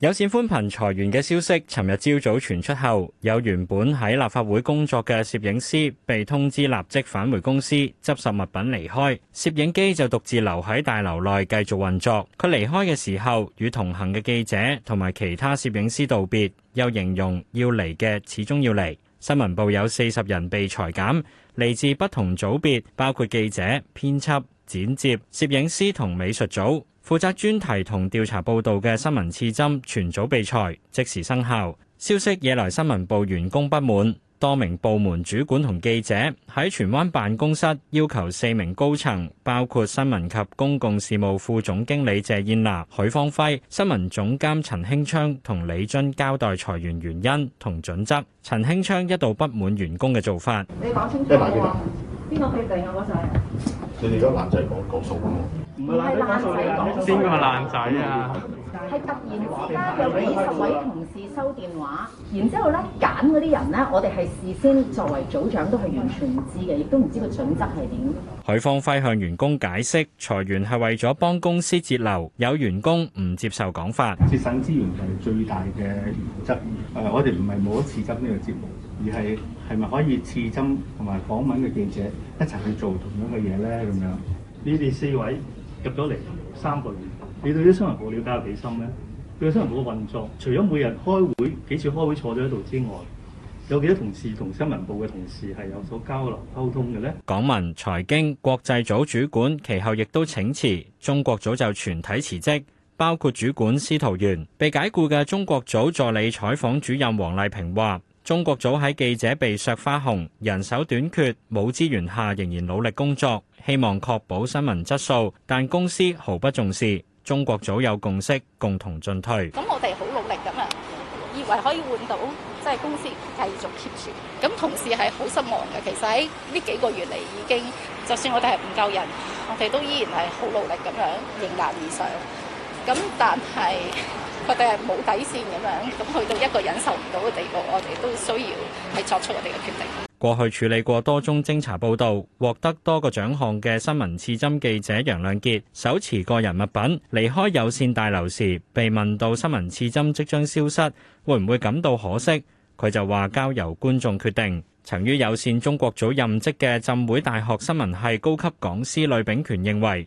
有線寬頻裁員嘅消息，尋日朝早傳出後，有原本喺立法會工作嘅攝影師被通知立即返回公司，執拾物品離開，攝影機就獨自留喺大樓內繼續運作。佢離開嘅時候，與同行嘅記者同埋其他攝影師道別，又形容要嚟嘅始終要嚟。新聞部有四十人被裁減，嚟自不同組別，包括記者、編輯、剪接、攝影師同美術組。負責專題同調查報道嘅新聞刺針全組被裁，即時生效。消息惹來新聞部員工不滿，多名部門主管同記者喺荃灣辦公室要求四名高層，包括新聞及公共事務副總經理謝燕娜、許芳輝、新聞總監陳興昌同李臻交代裁員原因同準則。陳興昌一度不滿員工嘅做法。誰你哋而家爛仔講講數，唔係爛仔講數。邊個爛仔啊？係突然之間有幾十位同事收電話，然之後咧，揀嗰啲人咧，我哋係事先作為組長都係完全唔知嘅，亦都唔知個準則係點。許方輝向員工解釋裁員係為咗幫公司節流，有員工唔接受講法。節省資源係最大嘅原則。誒、呃，我哋唔係冇一次執呢個節目，而係。係咪可以刺針同埋港聞嘅記者一齊去做同樣嘅嘢呢？咁樣，你哋四位入咗嚟三個月，你對啲新聞部了解有幾深呢？對新聞部嘅運作，除咗每日開會幾次開會坐咗喺度之外，有幾多同事同新聞部嘅同事係有所交流溝通嘅呢？港聞、財經、國際組主管其後亦都請辭，中國組就全體辭職，包括主管司徒元。被解僱嘅中國組助理採訪主任黃麗萍話。中國組喺記者被削花紅、人手短缺、冇資源下，仍然努力工作，希望確保新聞質素，但公司毫不重視。中國組有共識，共同進退。咁我哋好努力咁啊，以為可以換到，即係公司繼續 keep 住。咁同事係好失望嘅，其實喺呢幾個月嚟，已經就算我哋係唔夠人，我哋都依然係好努力咁樣迎難而上。咁但係佢哋係冇底線咁樣，咁去到一個忍受唔到嘅地步，我哋都需要係作出我哋嘅決定。過去處理過多宗偵查報道，獲得多個獎項嘅新聞刺針記者楊亮傑，手持個人物品離開有線大樓時，被問到新聞刺針即將消失，會唔會感到可惜，佢就話交由觀眾決定。曾於有線中國組任職嘅浸會大學新聞系高級講師呂炳權認為。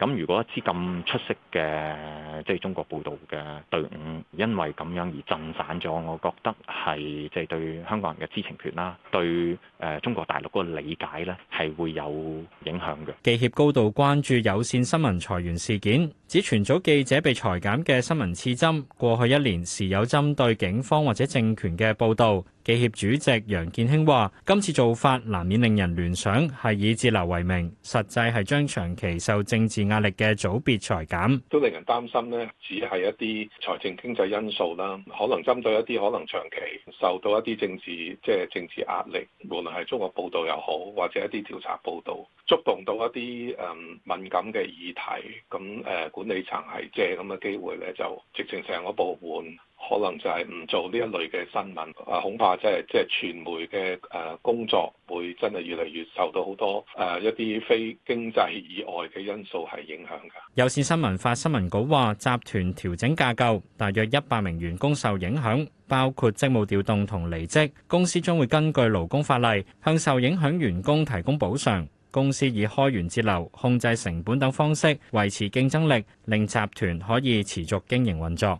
咁如果一支咁出色嘅即係中國報道嘅隊伍，因為咁樣而震散咗，我覺得係即係對香港人嘅知情權啦，對誒中國大陸嗰個理解咧，係會有影響嘅。記協高度關注有線新聞裁員事件，指全組記者被裁減嘅新聞刺針，過去一年時有針對警方或者政權嘅報導。記協主席楊建興話：今次做法難免令人聯想係以節流為名，實際係將長期受政治壓力嘅組別裁減，都令人擔心呢，只係一啲財政經濟因素啦，可能針對一啲可能長期受到一啲政治，即係政治壓力，無論係中國報道又好，或者一啲調查報道，觸動到一啲誒、嗯、敏感嘅議題。咁誒、呃、管理層係借咁嘅機會呢就直情成個部門。可能就係唔做呢一類嘅新聞啊，恐怕即係即係傳媒嘅誒工作會真係越嚟越受到好多誒一啲非經濟以外嘅因素係影響嘅。有線新聞發新聞稿話，集團調整架構，大約一百名員工受影響，包括職務調動同離職。公司將會根據勞工法例向受影響員工提供補償。公司以開源節流、控制成本等方式維持競爭力，令集團可以持續經營運作。